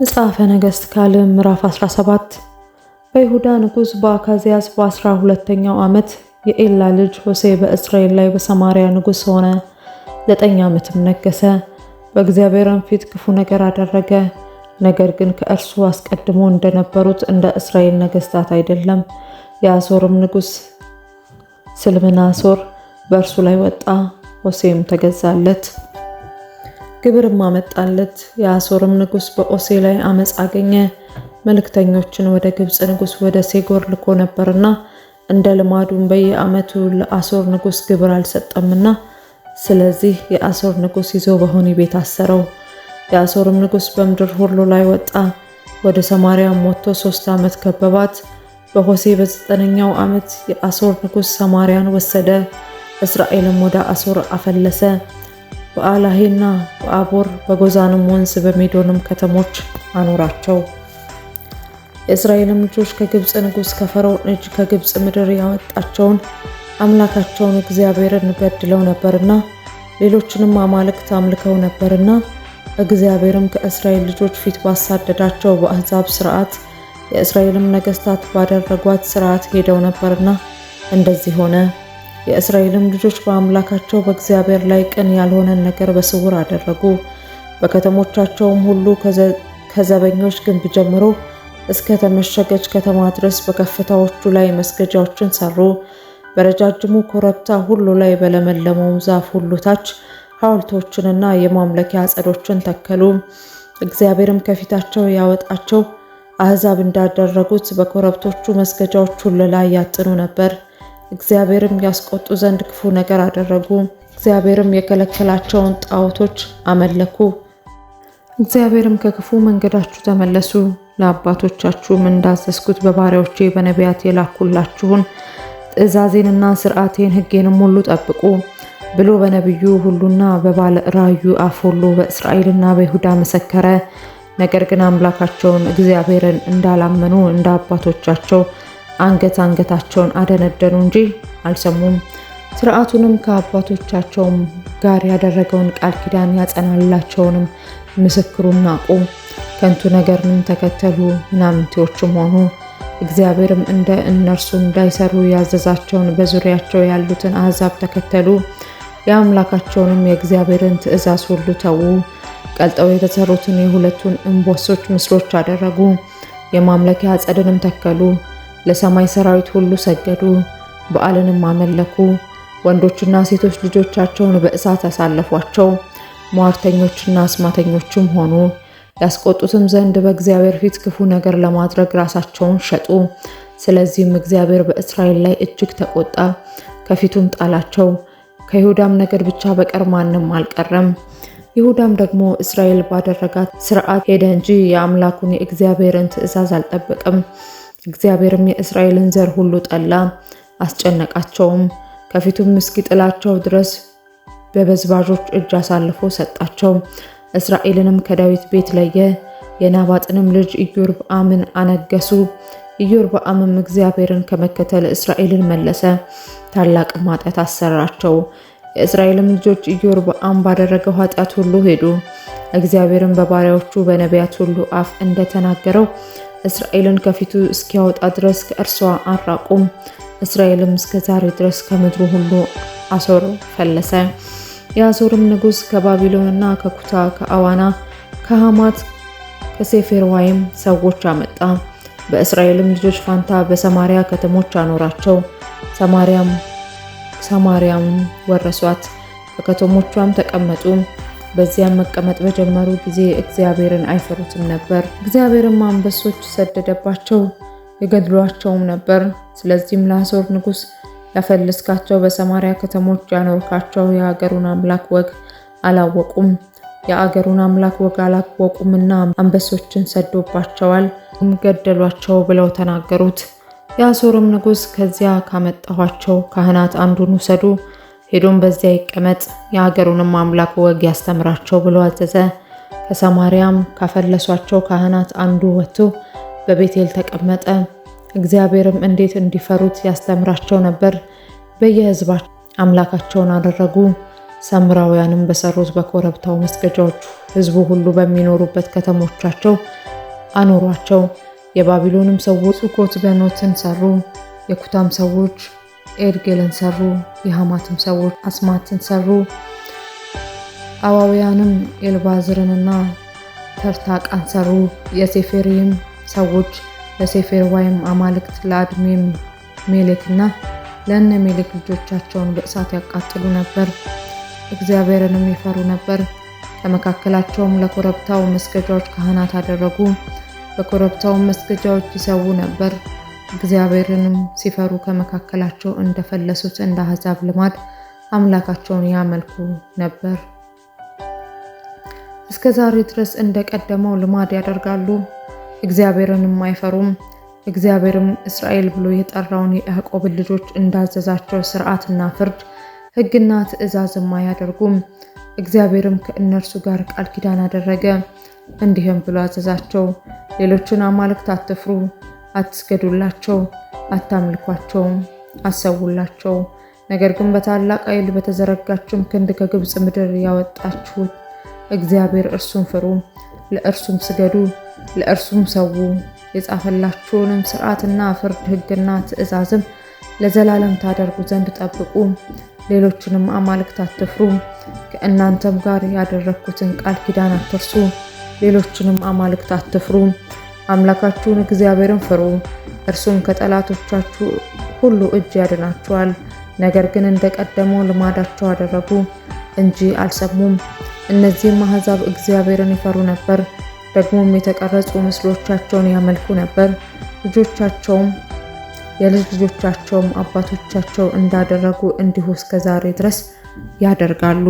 መጽሐፈ ነገሥት ካልዕ ምዕራፍ 17 በይሁዳ ንጉሥ በአካዝያስ በአስራ ሁለተኛው ዓመት የኤላ ልጅ ሆሴ በእስራኤል ላይ በሰማርያ ንጉሥ ሆነ። ዘጠኝ ዓመትም ነገሰ። በእግዚአብሔርም ፊት ክፉ ነገር አደረገ። ነገር ግን ከእርሱ አስቀድሞ እንደነበሩት እንደ እስራኤል ነገሥታት አይደለም። የአሶርም ንጉሥ ስልምናሶር በእርሱ ላይ ወጣ። ሆሴም ተገዛለት። ግብርም አመጣለት። የአሶርም ንጉስ በኦሴ ላይ አመፅ አገኘ። መልእክተኞችን ወደ ግብፅ ንጉስ ወደ ሴጎር ልኮ ነበርና እንደ ልማዱም በየአመቱ ለአሶር ንጉስ ግብር አልሰጠምና ስለዚህ የአሶር ንጉስ ይዞ በሆኒ ቤት አሰረው። የአሶርም ንጉስ በምድር ሁሉ ላይ ወጣ። ወደ ሰማርያም ወጥቶ ሶስት ዓመት ከበባት። በሆሴ በዘጠነኛው ዓመት የአሶር ንጉስ ሰማርያን ወሰደ። እስራኤልም ወደ አሶር አፈለሰ። በአላሄና በአቦር በጎዛንም ወንዝ በሜዶንም ከተሞች አኖራቸው። የእስራኤልም ልጆች ከግብፅ ንጉሥ ከፈርዖን እጅ ከግብፅ ምድር ያወጣቸውን አምላካቸውን እግዚአብሔርን በድለው ነበርና ሌሎችንም አማልክት አምልከው ነበርና እግዚአብሔርም ከእስራኤል ልጆች ፊት ባሳደዳቸው በአሕዛብ ስርዓት የእስራኤልም ነገሥታት ባደረጓት ስርዓት ሄደው ነበርና እንደዚህ ሆነ። የእስራኤልም ልጆች በአምላካቸው በእግዚአብሔር ላይ ቅን ያልሆነን ነገር በስውር አደረጉ። በከተሞቻቸውም ሁሉ ከዘበኞች ግንብ ጀምሮ እስከ ተመሸገች ከተማ ድረስ በከፍታዎቹ ላይ መስገጃዎችን ሰሩ። በረጃጅሙ ኮረብታ ሁሉ ላይ በለመለመውም ዛፍ ሁሉ ታች ሐውልቶችንና የማምለኪያ አጸዶችን ተከሉ። እግዚአብሔርም ከፊታቸው ያወጣቸው አሕዛብ እንዳደረጉት በኮረብቶቹ መስገጃዎች ሁሉ ላይ ያጥኑ ነበር። እግዚአብሔርም ያስቆጡ ዘንድ ክፉ ነገር አደረጉ። እግዚአብሔርም የከለከላቸውን ጣዖቶች አመለኩ። እግዚአብሔርም ከክፉ መንገዳችሁ ተመለሱ፣ ለአባቶቻችሁም እንዳዘዝኩት በባሪያዎቼ በነቢያት የላኩላችሁን ትእዛዜንና ስርዓቴን ሕጌንም ሁሉ ጠብቁ ብሎ በነቢዩ ሁሉና በባለ ራዩ አፍ ሁሉ በእስራኤልና በይሁዳ መሰከረ። ነገር ግን አምላካቸውን እግዚአብሔርን እንዳላመኑ እንደ አባቶቻቸው አንገት አንገታቸውን አደነደኑ እንጂ አልሰሙም። ስርዓቱንም ከአባቶቻቸውም ጋር ያደረገውን ቃል ኪዳን ያጸናላቸውንም ምስክሩን ናቁ፣ ከንቱ ነገርንም ተከተሉ፣ ምናምንቴዎችም ሆኑ። እግዚአብሔርም እንደ እነርሱ እንዳይሰሩ ያዘዛቸውን በዙሪያቸው ያሉትን አሕዛብ ተከተሉ፣ የአምላካቸውንም የእግዚአብሔርን ትእዛዝ ሁሉ ተዉ። ቀልጠው የተሰሩትን የሁለቱን እምቦሶች ምስሎች አደረጉ፣ የማምለኪያ አጸድንም ተከሉ። ለሰማይ ሰራዊት ሁሉ ሰገዱ፣ በዓልንም አመለኩ። ወንዶችና ሴቶች ልጆቻቸውን በእሳት አሳለፏቸው። ሟርተኞችና አስማተኞችም ሆኑ። ያስቆጡትም ዘንድ በእግዚአብሔር ፊት ክፉ ነገር ለማድረግ ራሳቸውን ሸጡ። ስለዚህም እግዚአብሔር በእስራኤል ላይ እጅግ ተቆጣ፣ ከፊቱም ጣላቸው። ከይሁዳም ነገድ ብቻ በቀር ማንም አልቀረም። ይሁዳም ደግሞ እስራኤል ባደረጋት ስርዓት ሄደ እንጂ የአምላኩን የእግዚአብሔርን ትእዛዝ አልጠበቀም። እግዚአብሔርም የእስራኤልን ዘር ሁሉ ጠላ፣ አስጨነቃቸውም። ከፊቱም እስኪጥላቸው ድረስ በበዝባዦች እጅ አሳልፎ ሰጣቸው። እስራኤልንም ከዳዊት ቤት ለየ። የናባጥንም ልጅ ኢዮርብአምን አነገሱ። ኢዮርብአምም እግዚአብሔርን ከመከተል እስራኤልን መለሰ፣ ታላቅ ኃጢአት አሰራቸው። የእስራኤልም ልጆች ኢዮርብአም ባደረገው ኃጢአት ሁሉ ሄዱ። እግዚአብሔርን በባሪያዎቹ በነቢያት ሁሉ አፍ እንደተናገረው እስራኤልን ከፊቱ እስኪያወጣ ድረስ ከእርሷ አራቁም። እስራኤልም እስከ ዛሬ ድረስ ከምድሩ ሁሉ አሶር ፈለሰ። የአሦርም ንጉሥ ከባቢሎንና ከኩታ ከአዋና ከሴፌር ከሴፌርዋይም ሰዎች አመጣ። በእስራኤልም ልጆች ፋንታ በሰማሪያ ከተሞች አኖራቸው። ሰማሪያም ሰማሪያም ወረሷት፣ በከተሞቿም ተቀመጡ። በዚያም መቀመጥ በጀመሩ ጊዜ እግዚአብሔርን አይፈሩትም ነበር። እግዚአብሔርም አንበሶች ሰደደባቸው፣ የገድሏቸውም ነበር። ስለዚህም ለአሶር ንጉሥ ያፈለስካቸው በሰማሪያ ከተሞች ያኖርካቸው የሀገሩን አምላክ ወግ አላወቁም የአገሩን አምላክ ወግ አላወቁምና አንበሶችን ሰዶባቸዋል፣ ገደሏቸው ብለው ተናገሩት። የአሶርም ንጉሥ ከዚያ ካመጣኋቸው ካህናት አንዱን ውሰዱ ሄዶም በዚያ ይቀመጥ የሀገሩንም አምላክ ወግ ያስተምራቸው ብሎ አዘዘ። ከሰማርያም ካፈለሷቸው ካህናት አንዱ ወጥቶ በቤቴል ተቀመጠ። እግዚአብሔርም እንዴት እንዲፈሩት ያስተምራቸው ነበር። በየህዝባቸው አምላካቸውን አደረጉ። ሰምራውያንም በሰሩት በኮረብታው መስገጃዎች ህዝቡ ሁሉ በሚኖሩበት ከተሞቻቸው አኖሯቸው። የባቢሎንም ሰዎች ሱኮት በኖትን ሰሩ። የኩታም ሰዎች ኤርጌልን ሰሩ፣ የሐማትም ሰዎች አስማትን ሰሩ። አዋውያንም ኤልባዝርንና ተርታቃን ሰሩ። የሴፌሪም ሰዎች ለሴፌር ዋይም አማልክት ለአድሜም ሜሌክና ለእነ ሜሌክ ልጆቻቸውን በእሳት ያቃጥሉ ነበር፣ እግዚአብሔርንም ይፈሩ ነበር። ከመካከላቸውም ለኮረብታው መስገጃዎች ካህናት አደረጉ፣ በኮረብታው መስገጃዎች ይሰዉ ነበር። እግዚአብሔርንም ሲፈሩ ከመካከላቸው እንደፈለሱት እንደ አሕዛብ ልማድ አምላካቸውን ያመልኩ ነበር። እስከ ዛሬ ድረስ እንደቀደመው ልማድ ያደርጋሉ፣ እግዚአብሔርንም አይፈሩም። እግዚአብሔርም እስራኤል ብሎ የጠራውን የያዕቆብን ልጆች እንዳዘዛቸው ስርዓትና ፍርድ፣ ሕግና ትእዛዝም አያደርጉም። እግዚአብሔርም ከእነርሱ ጋር ቃል ኪዳን አደረገ፣ እንዲህም ብሎ አዘዛቸው፦ ሌሎችን አማልክት አትፍሩ አትስገዱላቸው፣ አታምልኳቸውም፣ አሰውላቸው። ነገር ግን በታላቅ ኃይል በተዘረጋችሁም ክንድ ከግብፅ ምድር ያወጣችሁት እግዚአብሔር እርሱን ፍሩ፣ ለእርሱም ስገዱ፣ ለእርሱም ሰው። የጻፈላችሁንም ስርዓትና ፍርድ፣ ሕግና ትእዛዝም ለዘላለም ታደርጉ ዘንድ ጠብቁ። ሌሎችንም አማልክት አትፍሩ፣ ከእናንተም ጋር ያደረግኩትን ቃል ኪዳን አትርሱ። ሌሎችንም አማልክት አትፍሩ አምላካችሁን እግዚአብሔርን ፍሩ፣ እርሱም ከጠላቶቻችሁ ሁሉ እጅ ያድናችኋል። ነገር ግን እንደ ቀደመው ልማዳቸው አደረጉ እንጂ አልሰሙም። እነዚህም አሕዛብ እግዚአብሔርን ይፈሩ ነበር፣ ደግሞም የተቀረጹ ምስሎቻቸውን ያመልኩ ነበር። ልጆቻቸውም የልጅ ልጆቻቸውም አባቶቻቸው እንዳደረጉ እንዲሁ እስከ ዛሬ ድረስ ያደርጋሉ።